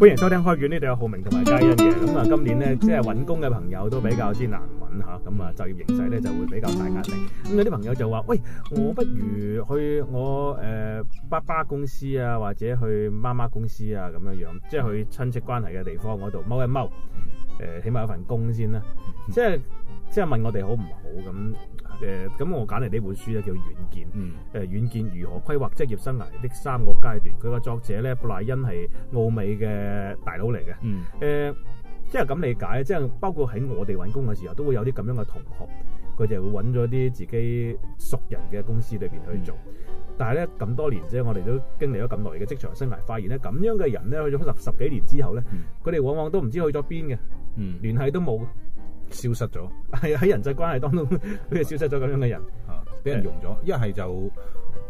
歡迎收聽開卷，呢度有浩明同埋佳欣嘅。咁啊，今年咧，即係搵工嘅朋友都比較之難搵吓，咁、嗯、啊，就業形勢咧就會比較大壓力。咁、嗯、有啲朋友就話，喂，我不如去我誒、呃、爸爸公司啊，或者去媽媽公司啊，咁樣樣，即係去親戚關係嘅地方嗰度踎一踎。誒，起碼有份工先啦，嗯，即係即係問我哋好唔好咁誒？咁、呃、我揀嚟呢本書咧叫《遠見》，誒、嗯，呃《遠見》如何規劃職業生涯的三個階段。佢個作者咧布萊恩係奧美嘅大佬嚟嘅。誒、嗯呃，即係咁理解，即係包括喺我哋揾工嘅時候，都會有啲咁樣嘅同學，佢就會揾咗啲自己熟人嘅公司裏邊去做。嗯但係咧咁多年啫，我哋都經歷咗咁耐嘅職場生涯，發現咧咁樣嘅人咧，去咗十十幾年之後咧，佢哋、嗯、往往都唔知去咗邊嘅，聯繫、嗯、都冇，消失咗。係喺 人際關係當中，佢哋消失咗咁樣嘅人，俾、 啊、人融咗。一係是就。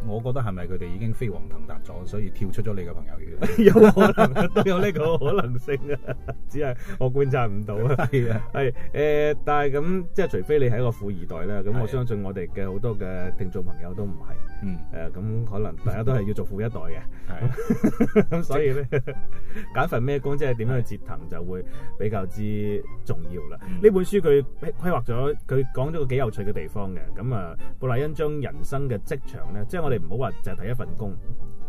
我覺得係咪佢哋已經飛黃騰達咗，所以跳出咗你嘅朋友圈？ 有可能都有呢個可能性啊，只係我觀察唔到啊。係啊的，係誒、呃，但係咁即係除非你係一個富二代啦，咁我相信我哋嘅好多嘅聽眾朋友都唔係，嗯的，誒咁、呃、可能大家都係要做富一代嘅，係，咁所以咧揀份咩工，即係點樣去折騰，就會比較之重要啦。呢的本書佢規劃咗，佢講咗個幾有趣嘅地方嘅，咁啊，布萊恩將人生嘅職場咧，即係我。你唔好話淨係睇一份工，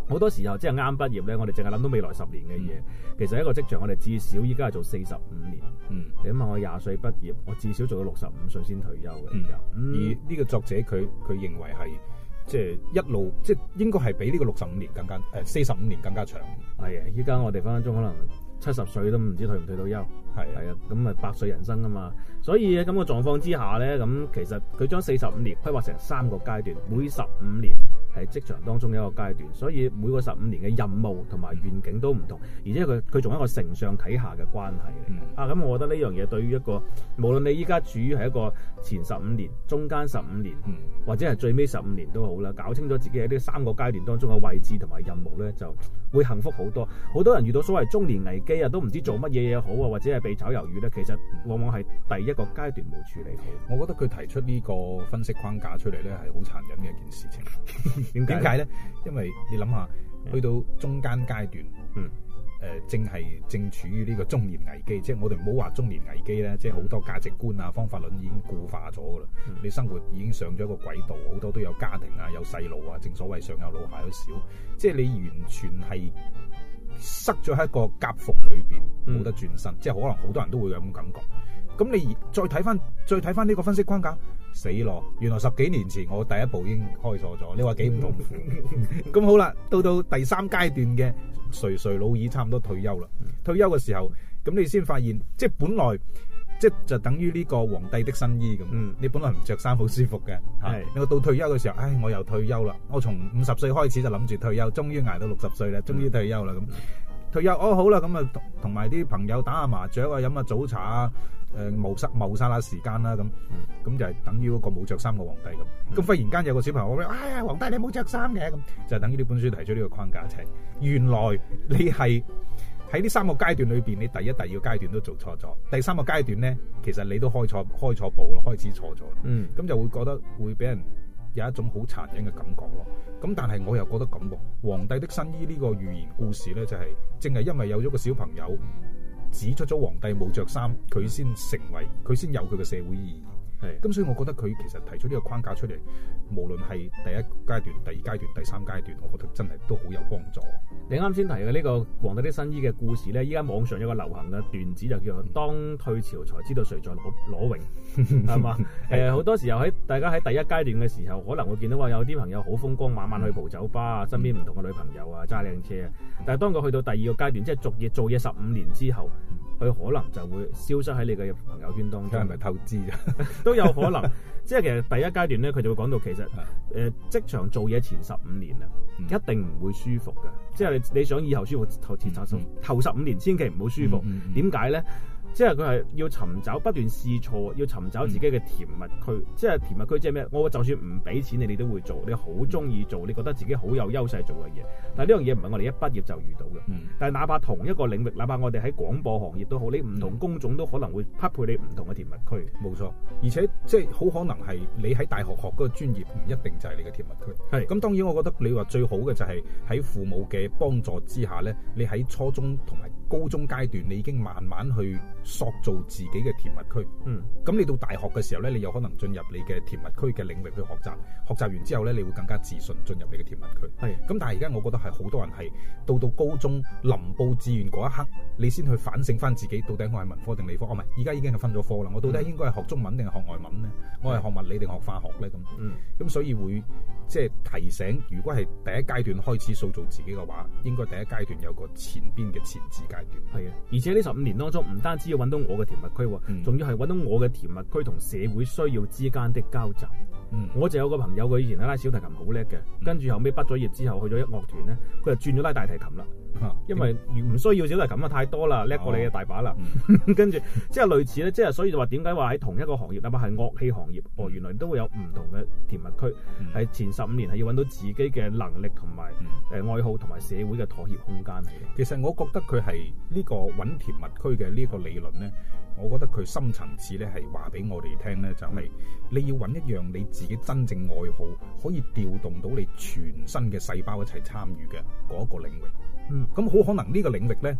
好多時候即係啱畢業咧。我哋淨係諗到未來十年嘅嘢，嗯、其實一個職場，我哋至少依家係做四十五年。嗯，你諗下，我廿歲畢業，我至少做到六十五歲先退休嘅。嗯、後而呢個作者佢佢認為係即係一路即係應該係比呢個六十五年更加誒四十五年更加長係啊。依家我哋分分鐘可能七十歲都唔知退唔退到休係係啊，咁啊，百歲人生噶嘛。所以咁嘅狀況之下咧，咁其實佢將四十五年規劃成三個階段，每十五年。係職場當中嘅一個階段，所以每個十五年嘅任務同埋願景都唔同，而且佢佢仲係一個承上啟下嘅關係、嗯、啊，咁我覺得呢樣嘢對於一個無論你依家處於係一個前十五年、中間十五年，嗯、或者係最尾十五年都好啦，搞清楚自己喺呢三個階段當中嘅位置同埋任務呢，就會幸福好多。好多人遇到所謂中年危機啊，都唔知做乜嘢嘢好啊，或者係被炒魷魚呢，其實往往係第一個階段冇處理好。我覺得佢提出呢個分析框架出嚟呢，係好殘忍嘅一件事情。 點解咧？為呢因為你諗下，去到中間階段，嗯，誒、呃，正係正處於呢個中年危機，嗯、即係我哋唔好話中年危機咧，即係好多價值觀啊、方法論已經固化咗噶啦，嗯、你生活已經上咗一個軌道，好多都有家庭啊、有細路啊，正所謂上有老下有小，即係你完全係塞咗喺一個夾縫裏邊，冇得轉身，嗯、即係可能好多人都會有咁感覺。咁你再睇翻，再睇翻呢個分析框架。死咯！原來十幾年前我第一步已經開錯咗，你話幾唔痛苦？咁 好啦，到到第三階段嘅垂垂老矣，差唔多退休啦。嗯、退休嘅時候，咁你先發現，即係本來即就等於呢個皇帝的新衣咁。嗯、你本來唔着衫好舒服嘅，嗯、你到退休嘅時候，唉，我又退休啦。我從五十歲開始就諗住退休，終於捱到六十歲啦，嗯、終於退休啦。咁退休哦，好啦，咁啊同同埋啲朋友打下麻雀啊，飲下早茶啊。誒冒失冒失啦，時間啦咁，咁就係等於嗰個冇着衫嘅皇帝咁。咁忽然間有個小朋友話：哎呀，皇帝你冇着衫嘅。咁，就係等於呢本書提出呢個框架，尺、就係。原來你係喺呢三個階段裏邊，你第一、第二個階段都做錯咗，第三個階段咧，其實你都開錯開錯步咯，開始錯咗。嗯，咁就會覺得會俾人有一種好殘忍嘅感覺咯。咁但係我又覺得咁噃，《皇帝的新衣》呢個寓言故事咧，就係正係因為有咗個小朋友。指出咗皇帝冇着衫，佢先成為，佢先有佢嘅社會意義。係，咁、嗯、所以我覺得佢其實提出呢個框架出嚟，無論係第一階段、第二階段、第三階段，我覺得真係都好有幫助。你啱先提嘅呢個《皇帝的新衣》嘅故事呢，依家網上有個流行嘅段子就叫當退潮才知道誰在裸泳，係嘛？誒，好多時候喺大家喺第一階段嘅時候，可能會見到話，有啲朋友好風光，晚晚去蒲酒吧啊，身邊唔同嘅女朋友啊，揸靚車啊，但係當佢去到第二個階段，即係畢業做嘢十五年之後。佢可能就會消失喺你嘅朋友圈當中，都係咪投資啊？ 都有可能，即係其實第一階段咧，佢就會講到其實誒職、 呃、場做嘢前十五年啊，嗯、一定唔會舒服嘅。即係你你想以後舒服投資賺數頭十五年，千祈唔好舒服。點解咧？即係佢係要尋找不斷試錯，要尋找自己嘅甜蜜區。嗯、即係甜蜜區即係咩？我就算唔俾錢你，你都會做。你好中意做，你覺得自己好有優勢做嘅嘢。但係呢樣嘢唔係我哋一畢業就遇到嘅。嗯、但係哪怕同一個領域，哪怕我哋喺廣播行業都好，你唔同工種都可能會匹配你唔同嘅甜蜜區。冇錯，而且即係好可能係你喺大學學嗰個專業唔一定就係你嘅甜蜜區。係。咁當然，我覺得你話最好嘅就係喺父母嘅幫助之下咧，你喺初中同埋。高中階段，你已經慢慢去塑造自己嘅甜蜜區。嗯，咁你到大學嘅時候呢，你有可能進入你嘅甜蜜區嘅領域去學習。學習完之後呢，你會更加自信進入你嘅甜蜜區。係咁是，但係而家我覺得係好多人係到到高中臨報志願嗰一刻，你先去反省返自己到底我係文科定理科？哦，唔係，而家已經係分咗科啦。我到底應該係學中文定係學外文呢？嗯、我係學物理定學化學呢？咁嗯，咁所以會。即係提醒，如果係第一階段開始塑造自己嘅話，應該第一階段有個前邊嘅前置階段。係啊，而且呢十五年當中，唔單止要揾到我嘅甜蜜區，仲、嗯、要係揾到我嘅甜蜜區同社會需要之間的交集。嗯、我就有個朋友，佢以前拉小提琴好叻嘅，嗯、跟住後尾畢咗業之後去咗一樂團咧，佢、嗯、就轉咗拉大提琴啦。啊，因為唔需要只係咁啊，太多啦，叻過你嘅大把啦。哦、 跟住即係類似咧，即係所以就話點解話喺同一個行業，哪怕係樂器行業，哦，原來都會有唔同嘅甜蜜區。喺、嗯、前十五年係要揾到自己嘅能力同埋誒愛好同埋社會嘅妥協空間嚟。嘅、嗯嗯。其實我覺得佢係呢個揾甜蜜區嘅呢個理論咧，我覺得佢深層次咧係話俾我哋聽咧，就係你要揾一樣你自己真正愛好，可以調動到你全身嘅細胞一齊參與嘅嗰一個領域。嗯、咁好可能呢個領域咧，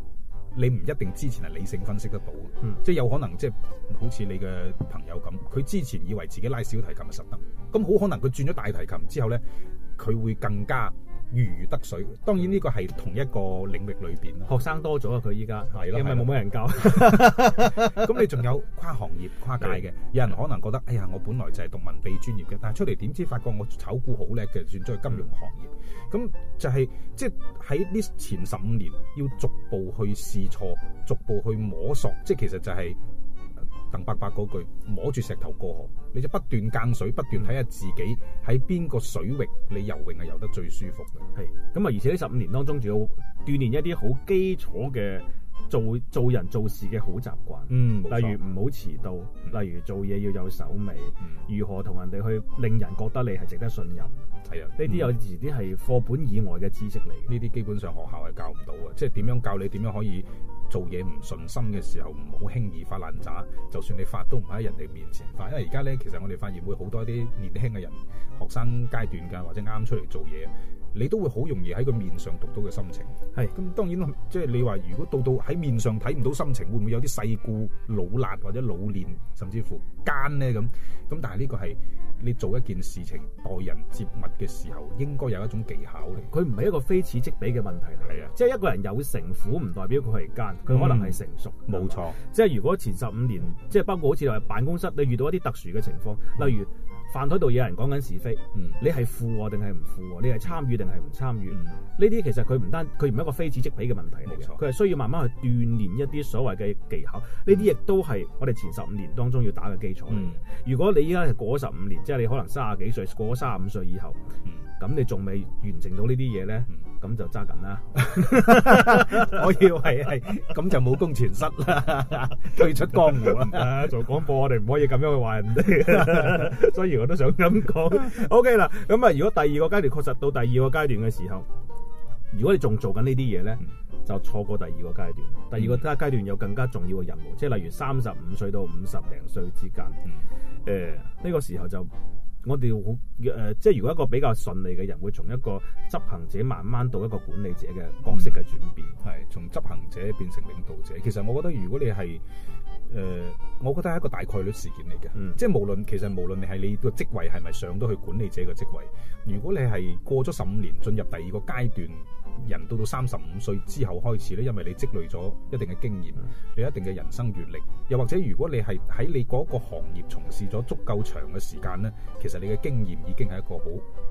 你唔一定之前係理性分析得到嘅，嗯、即係有可能即係、好似你嘅朋友咁，佢之前以為自己拉小提琴係實得，咁好可能佢轉咗大提琴之後咧，佢會更加，如魚得水，當然呢個係同一個領域裏邊。學生多咗啊，佢依家，的因為冇乜人教的。咁 你仲有跨行業、跨界嘅，的有人可能覺得，的哎呀，我本來就係讀文秘專業嘅，但係出嚟點知發覺我炒股好叻嘅，轉咗去金融行業。咁、嗯、就係即係喺呢前十五年，要逐步去試錯，逐步去摸索，即、就、係、是、其實就係、是。鄧伯伯嗰句摸住石頭過河，你就不斷更水，不斷睇下自己喺邊個水域你游泳係游得最舒服嘅。係，咁啊，而且呢十五年當中仲要鍛鍊一啲好基礎嘅做做人做事嘅好習慣。嗯，例如唔好遲到，嗯、例如做嘢要有手尾，嗯、如何同人哋去令人覺得你係值得信任。係啊，呢啲有時啲係課本以外嘅知識嚟，呢啲基本上學校係教唔到嘅，即係點樣教你點樣可以。做嘢唔順心嘅時候，唔好輕易發爛渣。就算你發都唔喺人哋面前發。因為而家咧，其實我哋發現會好多啲年輕嘅人，學生階段㗎，或者啱出嚟做嘢，你都會好容易喺佢面上讀到嘅心情。係咁是當然，即係你話，如果到到喺面上睇唔到心情，會唔會有啲世故、老辣或者老練，甚至乎奸咧咁？咁但係呢個係。你做一件事情待人接物嘅時候，應該有一種技巧嚟。佢唔係一個非此即彼嘅問題嚟。係啊的，即係一個人有城府唔代表佢係奸，佢可能係成熟。冇錯、嗯，即係如果前十五年，即係包括好似話辦公室，你遇到一啲特殊嘅情況，例如。嗯飯台度有人講緊是非，嗯、你係附定係唔附，你係參與定係唔參與，呢啲、嗯、其實佢唔單佢唔係一個非此即彼嘅問題嚟嘅，佢係冇錯、需要慢慢去鍛鍊一啲所謂嘅技巧，呢啲亦都係我哋前十五年當中要打嘅基礎。如果你依家過咗十五年，即係你可能三十幾歲過三十五歲以後。嗯咁你仲未完成到呢啲嘢咧，咁、嗯、就揸緊啦。 我以為係，咁就冇功全失啦，退 出江湖啊！ 做廣播我哋唔可以咁樣去話人哋， 所以我都想咁講。O K 啦，咁啊，如果第二個階段確實到第二個階段嘅時候，如果你仲做緊呢啲嘢咧，嗯、就錯過第二個階段。第二個階階段有更加重要嘅任務，即係、嗯、例如三十五歲到五十零歲之間，誒呢、嗯呃、個時候就。我哋好誒，即係如果一個比較順利嘅人，會從一個執行者慢慢到一個管理者嘅角色嘅轉變，係從執行者變成領導者。其實我覺得，如果你係誒、呃，我覺得係一個大概率事件嚟嘅，嗯、即係無論其實無論你係你個職位係咪上到去管理者嘅職位，如果你係過咗十五年進入第二個階段。人到到三十五歲之後開始咧，因為你積累咗一定嘅經驗，嗯、你一定嘅人生閱歷，又或者如果你係喺你嗰個行業從事咗足夠長嘅時間呢，其實你嘅經驗已經係一個好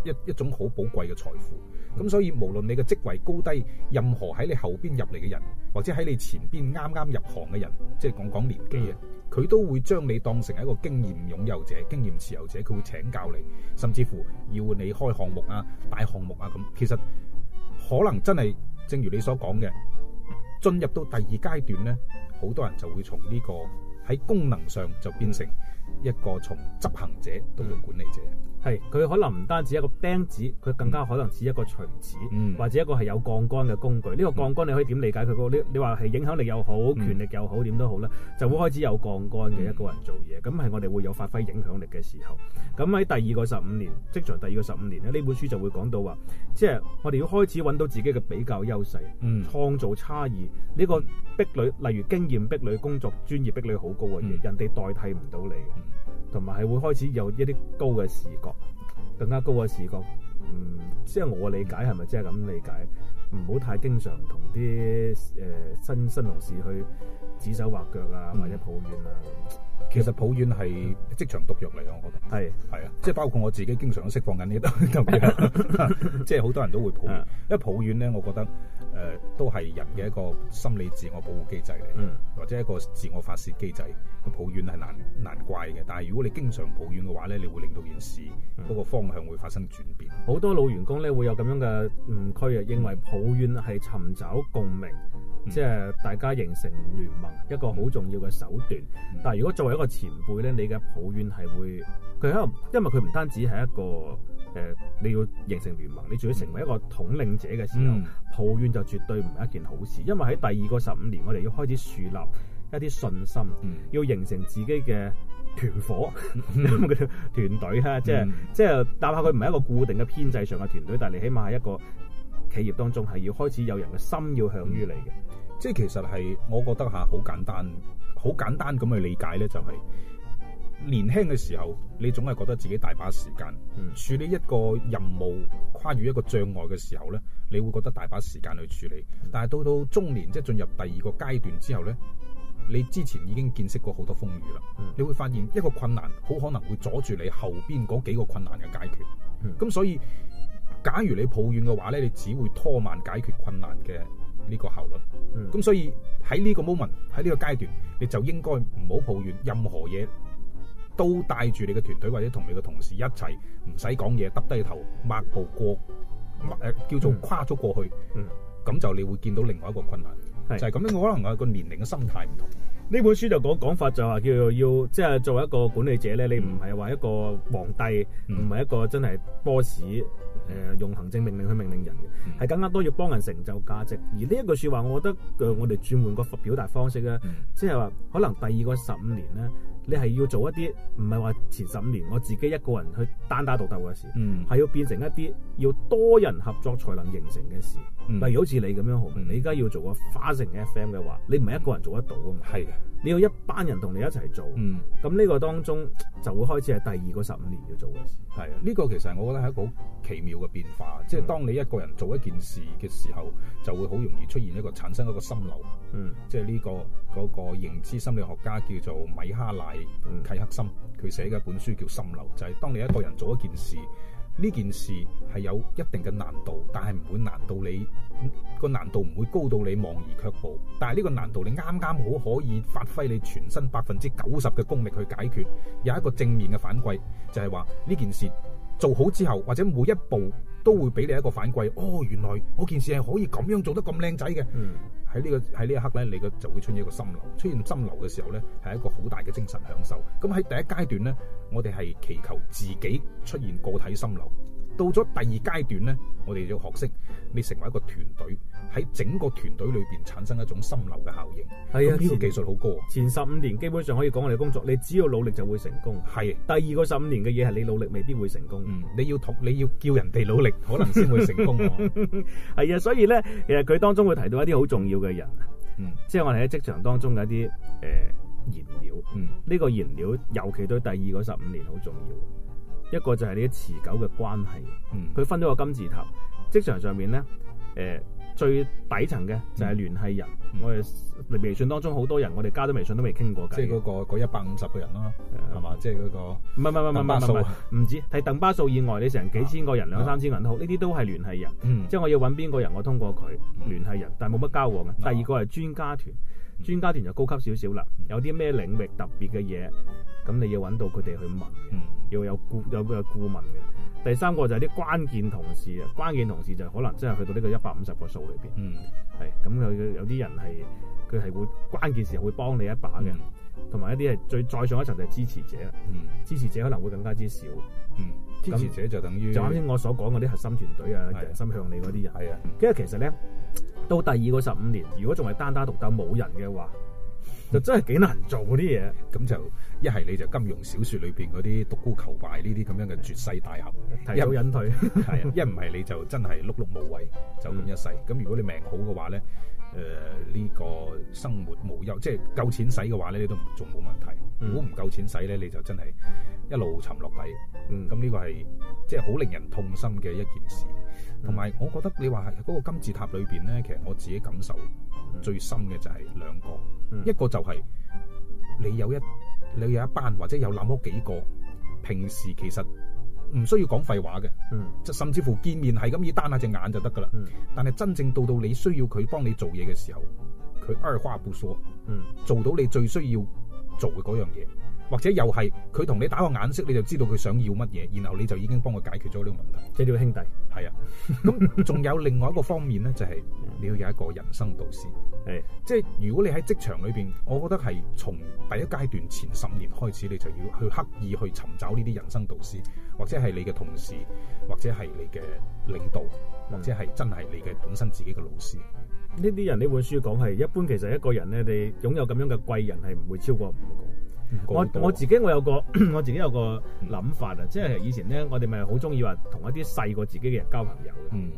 一一種好寶貴嘅財富。咁所以無論你嘅職位高低，任何喺你後邊入嚟嘅人，或者喺你前邊啱啱入行嘅人，即係講講年紀啊，佢、嗯、都會將你當成係一個經驗擁有者、經驗持有者，佢會請教你，甚至乎要你開項目啊、大項目啊咁。其實。可能真係正如你所講嘅，進入到第二階段咧，好多人就會從呢、這個喺功能上就變成一個從執行者到管理者。係，佢可能唔單止一個釘子，佢更加可能似一個錘子，嗯、或者一個係有槓杆嘅工具。呢、嗯、個槓杆你可以點理解？佢、那個呢？你話係影響力又好，權力又好，點都好咧，就會開始有槓杆嘅一個人做嘢。咁係、嗯、我哋會有發揮影響力嘅時候。咁喺第二個十五年，職場第二個十五年咧，呢本書就會講到話，即係我哋要開始揾到自己嘅比較優勢，嗯、創造差異。呢、這個壁壘，例如經驗壁壘、工作專業壁壘好高嘅嘢，人哋代替唔到你嘅。嗯同埋係會開始有一啲高嘅視覺，更加高嘅視覺，嗯，即係我理解係咪即係咁理解？唔好太經常同啲誒新新同事去指手畫腳啊，或者抱怨啊。其實抱怨係職場毒藥嚟嘅，我覺得係係啊，即係包括我自己經常都釋放緊呢啲咁嘅，即係好多人都會抱怨。的因為抱怨咧，我覺得誒、呃、都係人嘅一個心理自我保護機制嚟，嗯、或者一個自我發洩機制。抱怨係難難怪嘅，但係如果你經常抱怨嘅話咧，你會令到件事嗰個方向會發生轉變。好、嗯、多老員工咧會有咁樣嘅誤區啊，認為抱怨係尋找共鳴。即係大家形成聯盟一個好重要嘅手段，嗯、但係如果作為一個前輩呢，你嘅抱怨係會佢喺度，因為佢唔單止係一個誒、呃，你要形成聯盟，你仲要成為一個統領者嘅時候，嗯、抱怨就絕對唔係一件好事。因為喺第二個十五年，我哋要開始樹立一啲信心，嗯、要形成自己嘅團伙、嗯、 團隊啦。即係、嗯、即係，哪怕佢唔係一個固定嘅編制上嘅團隊，但係你起碼係一個企業當中係要開始有人嘅心要向於你嘅。嗯 即係其實係，我覺得嚇好簡單，好簡單咁去理解呢、就係。就係年輕嘅時候，你總係覺得自己大把時間、嗯、處理一個任務，跨越一個障礙嘅時候呢，你會覺得大把時間去處理。但係到到中年，即係進入第二個階段之後呢，你之前已經見識過好多風雨啦，嗯、你會發現一個困難好可能會阻住你後邊嗰幾個困難嘅解決。咁、嗯、所以，假如你抱怨嘅話呢，你只會拖慢解決困難嘅。呢個效率，咁、嗯、所以喺呢個 moment 喺呢個階段，你就應該唔好抱怨任何嘢，都帶住你嘅團隊或者同你嘅同事一齊，唔使講嘢，耷低頭，邁步過，誒、呃、叫做跨咗過去，咁、嗯嗯、就你會見到另外一個困難，是就係咁樣，可能我個年齡嘅心態唔同。呢本書就講講法就係話，叫做要即係、就是、作為一個管理者咧，你唔係話一個皇帝，唔係、嗯、一個真係 boss、嗯。誒、呃、用行政命令去命令人嘅，係更加多要幫人成就價值。而呢一句説話，我覺得、呃、我哋轉換個表達方式咧，即係話可能第二個十五年咧，你係要做一啲唔係話前十五年我自己一個人去單打獨鬥嘅事，係、嗯、要變成一啲要多人合作才能形成嘅事。嗯、例如好似你咁樣，好、嗯、你而家要做個花城 FM 嘅話，你唔係一個人做得到啊嘛。係嘅，你要一班人同你一齊做。嗯，咁呢個當中就會開始係第二個十五年要做嘅事。係啊，呢個其實我覺得係一個好奇妙嘅變化。嗯、即係當你一個人做一件事嘅時候，就會好容易出現一個產生一個心流。嗯，即係呢個嗰個認知心理學家叫做米哈賴契克森，佢、嗯、寫嘅一本書叫《心流》，就係當你一個人做一件事。呢件事係有一定嘅難度，但係唔會難到你，個難度唔會高到你望而卻步。但係呢個難度你啱啱好可以發揮你全身百分之九十嘅功力去解決，有一個正面嘅反饋，就係話呢件事做好之後，或者每一步都會俾你一個反饋。哦，原來我件事係可以咁樣做得咁靚仔嘅。嗯。喺呢個、喺呢一刻咧，你就會出現一個心流。出現心流嘅時候咧，係一個好大嘅精神享受。咁喺第一階段咧，我哋係祈求自己出現個體心流。到咗第二階段咧，我哋要學識你成為一個團隊，喺整個團隊裏邊產生一種心流嘅效應。係啊的，呢個技術好高。前、前十五年基本上可以講我哋工作，你只要努力就會成功。係的第二個十五年嘅嘢係你努力未必會成功。嗯，你要同你要叫人哋努力，可能先會成功。係啊， 所以咧其實佢當中會提到一啲好重要嘅人，嗯，即係我哋喺職場當中嘅一啲誒、呃、燃料。嗯，呢個燃料尤其對第二個十五年好重要。一個就係呢啲持久嘅關係，佢、嗯、分咗個金字塔，職場上面咧，誒、呃、最底層嘅就係聯繫人。嗯、我哋微信當中好多人，我哋加咗微信都未傾過偈。即係嗰個一百五十個人咯，係嘛？即係嗰個。唔係唔係唔係唔係唔係，唔止，係鄧巴數以外，你成幾千個人、啊、兩三千人都好，呢啲都係聯繫人。嗯、即係我要揾邊個人，我通過佢聯繫人，但係冇乜交往嘅。第二個係專、嗯、專家團，專家團就高級少少啦，有啲咩領域特別嘅嘢。咁你要揾到佢哋去問，要、嗯、有顧有個顧問嘅。第三個就係啲關鍵同事啊。關鍵同事就可能真係去到呢個一百五十個數裏邊，係咁、嗯、有有啲人係佢係會關鍵時候會幫你一把嘅，同埋、嗯、一啲係最再上一層就係支持者，嗯、支持者可能會更加之少。嗯、支持者就等於就啱先我所講嗰啲核心團隊啊，的人心向你嗰啲人。係啊，因為其實咧到第二個十五年，如果仲係單,單單獨鬥冇人嘅話，就真係幾難做嗰啲嘢咁就。一係你就金庸小説裏邊嗰啲獨孤求敗呢啲咁樣嘅絕世大俠有隱退，係啊，一唔係你就真係碌碌無為，就咁一世。咁如果你命好嘅話咧，誒呢個生活無憂，即係夠錢使嘅話咧，你都仲冇問題。如果唔夠錢使咧，你就真係一路沉落底。咁呢個係即係好令人痛心嘅一件事。同埋，我覺得你話係嗰個金字塔裏邊咧，其實我自己感受最深嘅就係兩個，一個就係你有一。你有一班或者有那麼幾個，平時其實唔需要講廢話嘅，嗯，即甚至乎見面係咁以單下隻眼就得噶啦，嗯，但係真正到到你需要佢幫你做嘢嘅時候，佢二話不説，嗯，做到你最需要做嘅嗰樣嘢，或者又係佢同你打個眼色你就知道佢想要乜嘢，然後你就已經幫佢解決咗呢個問題，即係呢個兄弟，係啊，咁仲有另外一個方面咧就係。你要有一個人生導師，誒的，即係如果你喺職場裏邊，我覺得係從第一階段前十年開始，你就要去刻意去尋找呢啲人生導師，或者係你嘅同事，或者係你嘅領導，或者係真係你嘅本身自己嘅老師。呢啲、嗯、人呢本書講係一般，其實一個人咧，你擁有咁樣嘅貴人係唔會超過五個。嗯、我我自己我有個 我自己有個諗法啊，嗯、即係以前咧，我哋咪好中意話同一啲細過自己嘅人交朋友嘅。嗯。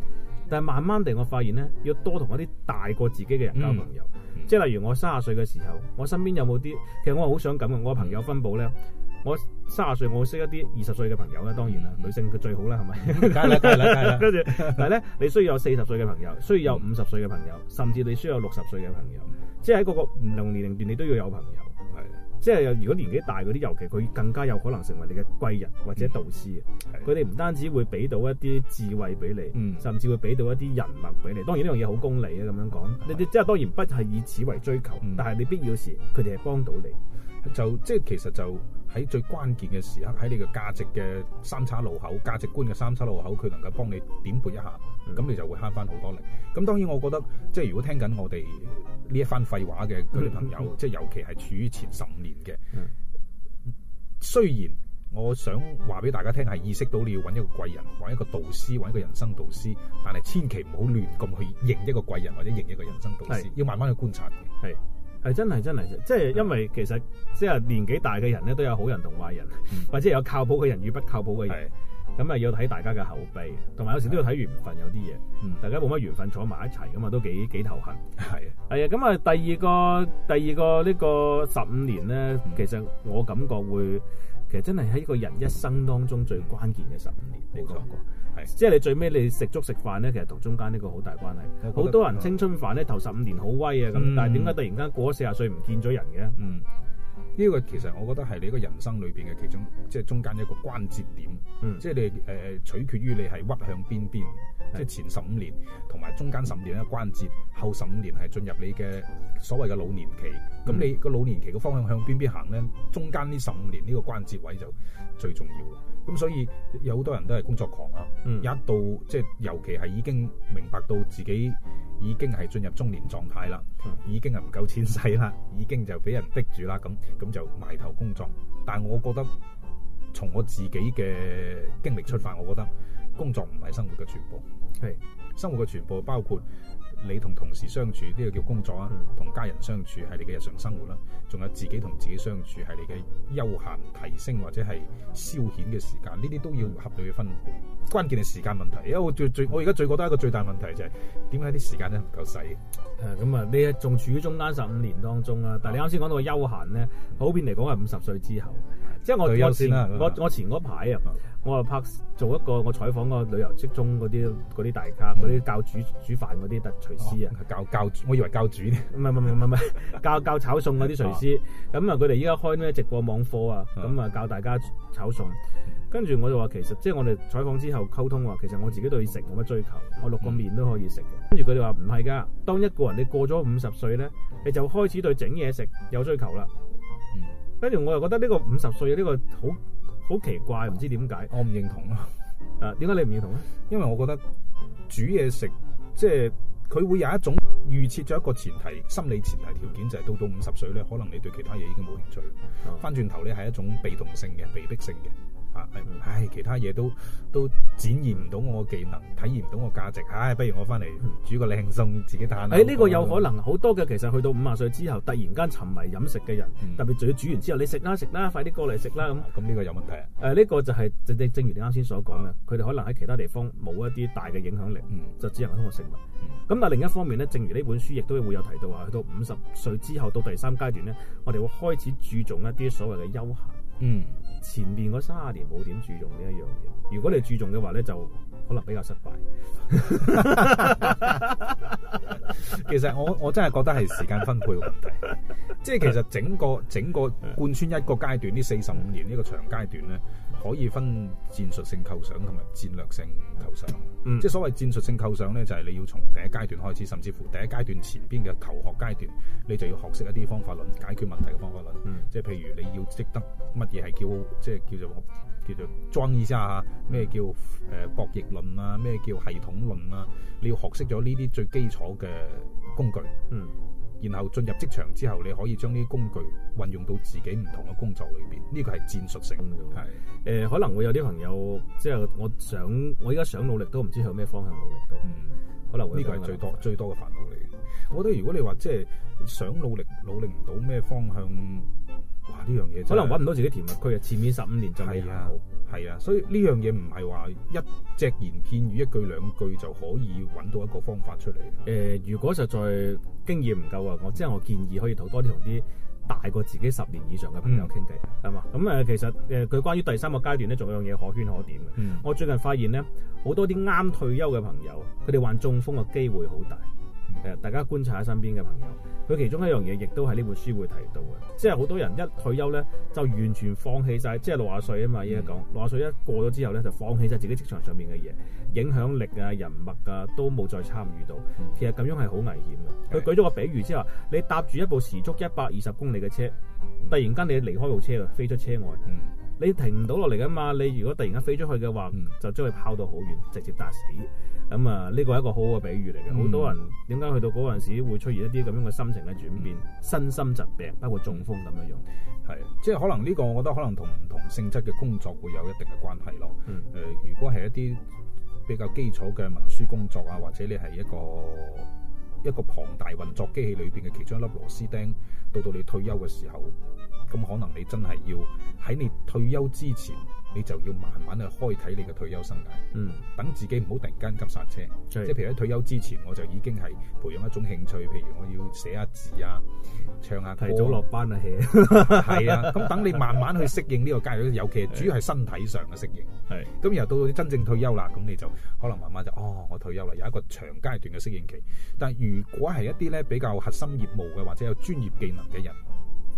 但係慢慢地，我發現咧，要多同一啲大過自己嘅人交朋友。嗯、即係例如我三十歲嘅時候，我身邊有冇啲？其實我好想咁嘅，我朋友分布咧，嗯、我三十歲我會識一啲二十歲嘅朋友啦，當然啦，嗯、女性佢最好啦，係咪，嗯？梗係啦，梗係啦，跟住， 但係咧，你需要有四十歲嘅朋友，需要有五十歲嘅朋友，嗯、甚至你需要有六十歲嘅朋友。即係喺各個唔同年齡段，你都要有朋友。即係如果年紀大嗰啲，尤其佢更加有可能成為你嘅貴人或者導師啊。佢哋唔單止會俾到一啲智慧俾你，嗯、甚至會俾到一啲人脈俾你。當然呢樣嘢好功利啊，咁樣講，你你即係當然不係以此為追求，嗯、但係你必要時佢哋係幫到你，就即係其實就喺最關鍵嘅時刻，喺你嘅價值嘅三叉路口、價值觀嘅三叉路口，佢能夠幫你點撥一下。咁、嗯、你就會慳翻好多力。咁當然，我覺得即係如果聽緊我哋呢一番廢話嘅嗰啲朋友，嗯嗯嗯、即係尤其係處於前十五年嘅。嗯、雖然我想話俾大家聽，係意識到你要揾一個貴人，揾一個導師，揾一個人生導師，但係千祈唔好亂咁去認一個貴人或者認一個人生導師，是要慢慢去觀察。係係真係真係，即係因為其實即係年紀大嘅人咧，都有好人同壞人，嗯、或者有靠譜嘅人與不靠譜嘅人。咁啊要睇大家嘅口碑，同埋有，有時都要睇緣分，有，有啲嘢，大家冇乜緣分坐埋一齊，咁啊都幾幾頭痕。係啊的，係啊，咁啊第二個第二個，個呢個十五年咧，嗯、其實我感覺會，其實真係喺一個人一生當中最關鍵嘅十五年，冇錯，你講過，係的。即係你最尾你食粥食飯咧，其實同中間呢個好大關係。好多人青春飯咧頭十五年好威啊，咁、嗯、但係點解突然間過咗四十歲唔見咗人嘅？嗯。呢個其實我覺得係你一個人生裏邊嘅其中，即係中間一個關節點。嗯，即係你誒，呃，取決於你係屈向邊邊，嗯，即係前十五年，同埋中間十五年嘅關節，後十五年係進入你嘅所謂嘅老年期。咁你個老年期個方向向邊邊行咧？中間呢十五年呢個關節位就最重要咯。咁所以有好多人都係工作狂啊。嗯，一到即係尤其係已經明白到自己。已經係進入中年狀態啦，已經係唔夠錢使啦，已經就俾人逼住啦，咁咁就埋頭工作。但係我覺得，從我自己嘅經歷出發，我覺得工作唔係生活嘅全部，係是生活嘅全部包括。你同同事相處呢、呢個叫工作啊，同家人相處係你嘅日常生活啦，仲有自己同自己相處係你嘅休閒提升或者係消遣嘅時間，呢啲都要合理嘅分配。關鍵係時間問題，因為最最我而家最覺得一個最大問題就係點解啲時間咧唔夠使？誒咁啊，你仲處於中間十五年當中啦、啊，但係你啱先講到個休閒咧，普遍嚟講係五十歲之後，即係我我，我前我我前嗰排啊。嗯我啊拍做一個我採訪個旅遊職中嗰啲，啲大咖，嗰啲、嗯、教主煮煮飯嗰啲特廚師啊，啊教教煮，我以為教煮，唔係唔係唔係唔係教教炒餸嗰啲廚師。咁啊，佢哋依家開咩直播網課啊，咁、嗯、啊、嗯、教大家炒餸。跟住我就話其實，即係我哋採訪之後溝通話，其實我自己對食冇乜追求，我落個麵都可以食嘅。嗯、跟住佢哋話唔係噶，當一個人你過咗五十歲咧，你就開始對整嘢食有追求啦。嗯、跟住我又覺得呢個五十歲呢個好。好奇怪，唔、嗯、知點解，我唔認同啊！誒，點解你唔認同咧？因為我覺得煮嘢食即係佢會有一種預設咗一個前提，心理前提條件，就係、是、到到五十歲咧，可能你對其他嘢已經冇興趣。翻轉、嗯、頭咧，係一種被動性嘅、被逼性嘅。唉、啊哎，其他嘢都都展現唔到我嘅技能，體現唔到我價值，唉、哎，不如我翻嚟煮個靚餸，自己嘆、哎。誒，呢個有可能好多嘅。其實去到五十歲之後，突然間沉迷飲食嘅人，嗯、特別仲要煮完之後，你食啦食啦，快啲過嚟食啦咁。咁呢、啊這個有問題啊？誒、呃，呢、這個就係正正正如你啱先所講嘅，佢哋可能喺其他地方冇一啲大嘅影響力，嗯、就只能通過食物。咁、嗯、但係另一方面咧，正如呢本書亦都會有提到啊，去到五十歲之後到第三階段咧，我哋會開始注重一啲所謂嘅休閒。嗯，前面嗰三十年冇點注重呢一樣嘢，如果你注重嘅話咧，就可能比較失敗。 其實我我真係覺得係時間分配嘅問題，即係其實整個整個貫穿一個階段呢四十五年呢個長階段咧，可以分戰術性構想同埋戰略性構想。嗯，即係所謂戰術性構想咧，就係、是、你要從第一階段開始，甚至乎第一階段前邊嘅求學階段，你就要學識一啲方法論解決問題嘅方法論。嗯，即係譬如你要識得乜嘢係叫即係叫做叫做莊子啊，咩叫誒博弈論啊，咩叫，、啊、叫系統論啊，你要學識咗呢啲最基礎嘅工具。嗯。然後進入職場之後，你可以將啲工具運用到自己唔同嘅工作裏邊，呢、呢個係戰術性，功。係、嗯呃、可能會有啲朋友，即係我想，我依家想努力，都唔知有咩方向努力。努力嗯，可能呢個係最多力最多嘅煩惱嚟嘅。我覺得如果你話即係想努力，努力唔到咩方向，哇！呢樣嘢可能揾唔到自己甜蜜區啊，前面十五年就係啊。係啊，所以呢樣嘢唔係話一隻言片語、一句兩句就可以揾到一個方法出嚟嘅。誒、呃，如果實在經驗唔夠啊，我即係我建議可以同多啲同啲大過自己十年以上嘅朋友傾偈，係嘛、嗯？咁誒，其實誒佢、呃、關於第三個階段咧，仲有樣嘢可圈可點嘅。嗯、我最近發現咧，好多啲啱退休嘅朋友，佢哋患中風嘅機會好大。誒，大家觀察下身邊嘅朋友，佢其中一樣嘢，亦都係呢本書會提到嘅，即係好多人一退休呢，就完全放棄晒，即係六十歲啊嘛，而家講六十歲一過咗之後呢，就放棄晒自己職場上面嘅嘢，影響力啊、人脈啊，都冇再參與到。嗯、其實咁樣係好危險嘅。佢舉咗個比喻之後，即係話你搭住一部時速一百二十公里嘅車，突然間你離開部車啊，飛出車外，嗯、你停唔到落嚟噶嘛？你如果突然間飛出去嘅話，嗯、就將佢拋到好遠，直接搭死。咁啊，呢個係一個好好嘅比喻嚟嘅。好多人點解去到嗰陣時會出現一啲咁樣嘅心情嘅轉變、嗯、身心疾病，包括中風咁樣樣？係即係可能呢個，我覺得可能同唔同性質嘅工作會有一定嘅關係咯。嗯、呃，如果係一啲比較基礎嘅文書工作啊，或者你係一個一個龐大運作機器裏邊嘅其中一粒螺絲釘，到到你退休嘅時候，咁可能你真係要喺你退休之前。你就要慢慢去開啓你嘅退休生涯，嗯，等自己唔好突然間急剎車。是即係譬如喺退休之前，我就已經係培養一種興趣，譬如我要寫下字啊，唱下歌，提早落班 啊，係啊，咁等你慢慢去適應呢個階段，尤其係主要係身體上嘅適應，係是。咁然後到到真正退休啦，咁你就可能慢慢就，哦，我退休啦，有一個長階段嘅適應期。但係如果係一啲咧比較核心業務嘅或者有專業技能嘅人，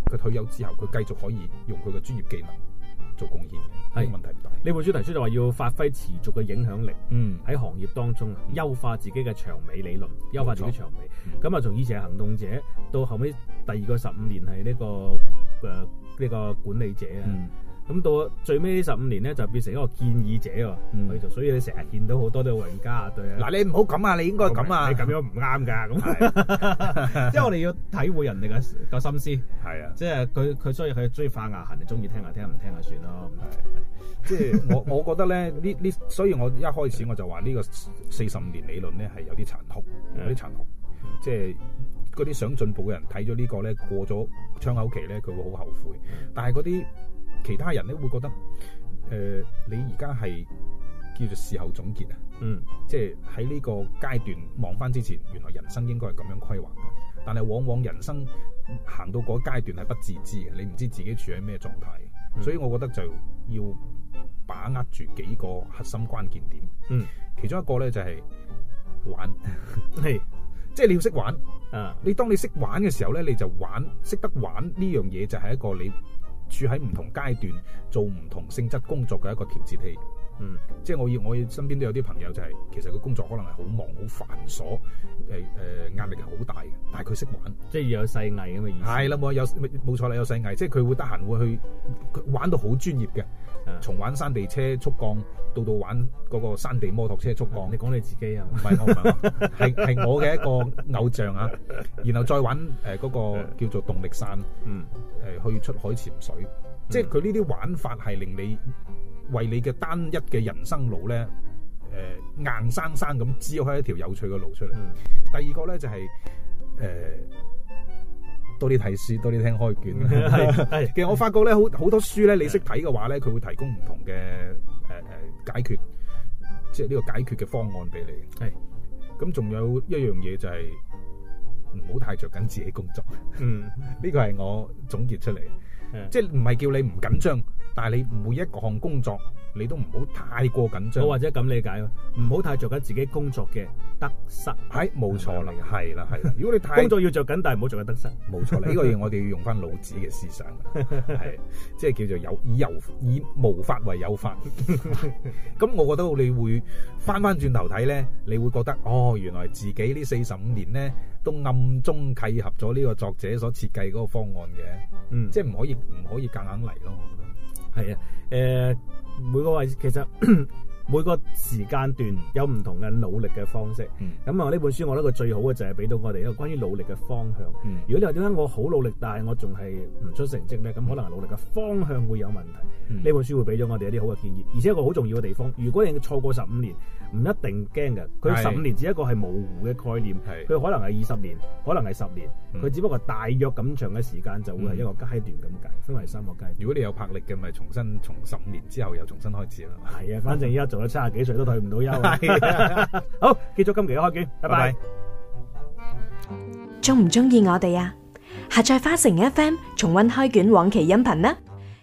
佢退休之後，佢繼續可以用佢嘅專業技能。做貢獻嘅，係是問題唔大。呢本書提出就話要發揮持續嘅影響力，嗯，喺行業當中啊，優化自己嘅長尾理論，優錯化自己嘅長尾。咁啊、嗯，從以前行動者到後尾第二個十五年係呢、這個誒呢、呃這個管理者啊。嗯咁到最尾呢十五年咧，就變成一個建議者喎。嗯，所以你成日見到好多都老人家啊，對啊。嗱，你唔好咁啊，你應該咁啊，你咁樣唔啱㗎。咁，即係我哋要體會人哋嘅個心思。係啊，即係佢佢所以佢中意化牙痕，你中意聽，就聽，就聽啊聽，唔聽啊算咯。係， 即係我我覺得咧呢呢，所以我一開始我就話呢個四十五年理論咧係有啲殘酷，有啲殘酷。即係嗰啲想進步嘅人睇咗呢個咧，過咗窗口期咧，佢會好後悔。但係嗰啲。其他人咧會覺得，誒、呃，你而家係叫做事後總結啊，嗯，即係喺呢個階段望翻之前，原來人生應該係咁樣規劃嘅。但係往往人生行到嗰階段係不自知嘅，你唔知自己處喺咩狀態。嗯、所以，我覺得就要把握住幾個核心關鍵點。嗯，其中一個咧就係、是、玩，係 是，即係你要識玩。嗯、啊，你當你識玩嘅時候咧，你就玩，識得玩呢樣嘢就係一個你處喺唔同階段做唔同性質工作嘅一個調節器，嗯，即係我以我身邊都有啲朋友就係、是、其實佢工作可能係好忙好繁瑣，誒、呃、誒壓力係好大嘅，但係佢識玩，即係要有細藝咁嘅意思。係啦，冇有冇錯啦？有細藝，即係佢會得閒會去玩到好專業嘅。從玩山地車速降到到玩嗰個山地摩托車速降，你講你自己有有 啊？唔係、啊，我唔係，係係我嘅一個偶像啊！然後再玩誒嗰、呃那個叫做動力傘，嗯、呃，誒去出海潛水，嗯、即係佢呢啲玩法係令你為你嘅單一嘅人生路咧，誒、呃、硬生生咁支開一條有趣嘅路出嚟。嗯、第二個咧就係、是、誒。呃多啲睇書，多啲聽開卷。係，其實我發覺咧，好好多書咧，你識睇嘅話咧，佢會提供唔同嘅誒誒解決，即係呢個解決嘅方案俾你。係，咁仲有一樣嘢就係唔好太著緊自己工作。嗯，呢個係我總結出嚟，即係唔係叫你唔緊張，但係你每一個項工作。你都唔好太過緊張，或者咁理解咯，唔好太著緊自己工作嘅得失。係，冇 錯啦，係啦，係。 如果你太工作要著緊，但係唔好著緊得失。冇 錯啦，呢、這個嘢我哋要用翻老子嘅思想，係， 即係叫做有以有以無法為有法。咁、 嗯、 我覺得你會翻翻轉頭睇咧，你會覺得哦，原來自己呢四十五年咧都暗中契合咗呢個作者所設計嗰個方案嘅。嗯、即係唔可以唔可以夾硬嚟咯，我覺得。係 啊，誒、嗯。 每個位其實 每個時間段有唔同嘅努力嘅方式，咁啊呢本書我覺得佢最好嘅就係俾到我哋一個關於努力嘅方向。嗯、如果你話點解我好努力，但係我仲係唔出成績咧？咁可能係努力嘅方向會有問題。嗯、呢本書會俾咗我哋一啲好嘅建議，而且一個好重要嘅地方，如果你錯過十五年。唔一定驚嘅，佢十五年只一個係模糊嘅概念，佢是可能係二十年，可能係十年，佢、嗯、只不過大約咁長嘅時間就會係一個階段咁解，嗯、分為三個階段。如果你有魄力嘅，咪重新從十五年之後又重新開始啦。係啊，反正而家做咗七十幾歲都退唔到休了。啊、 好，結束今期嘅開卷，拜拜 bye。中唔中意我哋啊？下載花城 FM 重溫開卷往期音頻呢？